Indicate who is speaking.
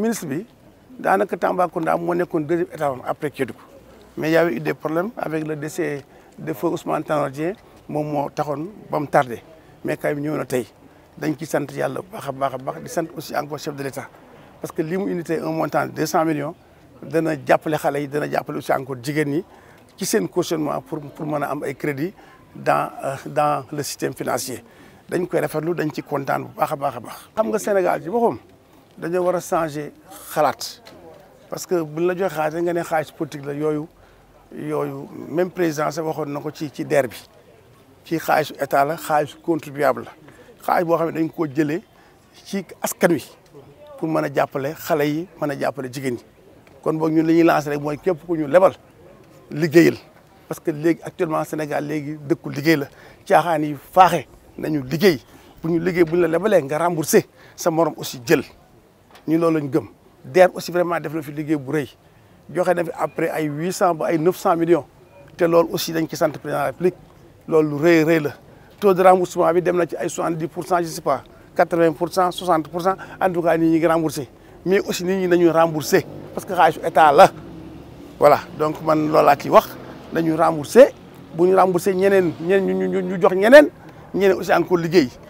Speaker 1: ministre bi daanaka Tambacounda mo nekkoon deuxième état après Kédougou mais y avait eu des problèmes avec le décès de feu Ousmane Tanor Dieng moom moo taxoon tardé mais kay ñëw na tey dañ ci sante yalla bu baax a di sante aussi encore chef de l'État parce que limu unité un montant de 200 cent millions dana jàppale xalé yi dana jàppale aussi encore jigen yi ci sen cautionnement pour pour mën am ay crédit dans euh, dans le système financier dañ koy rafetlu dañ ci kontaan bu baax a baax xam nga Sénégal ji boppam. dañoo war a changer xalaat parce que buñ la jox xaalis nga ne xaalis politique la yooyu yooyu même président sax waxoon na ko ci ci DER bi ci xaalisu état la xaalisu contribuable la xaalis boo xam ne dañ koo jëlee ci askan wi pour mën a jàppale xale yi mën a jàppale jigéen ñi kon boog ñun li ñuy lancé rek mooy képp ku ñu lebal liggéeyal parce que léegi actuellement Sénégal léegi dëkku liggéey la caaxaan yi faaxe nañu liggéey bu ñu liggéey bu ñu la lebalee nga remboursé sa morom aussi jël nous loolu lañ gëm DER aussi vraiment def na fi après ay 900 millions aussi dañ ci la République nous la taux de remboursement bi dem na je ne sais pas 80%, 60%, en tout cas remboursé mais aussi nous remboursé parce que est état voilà donc man nous nous avons remboursé nous ñu aussi encore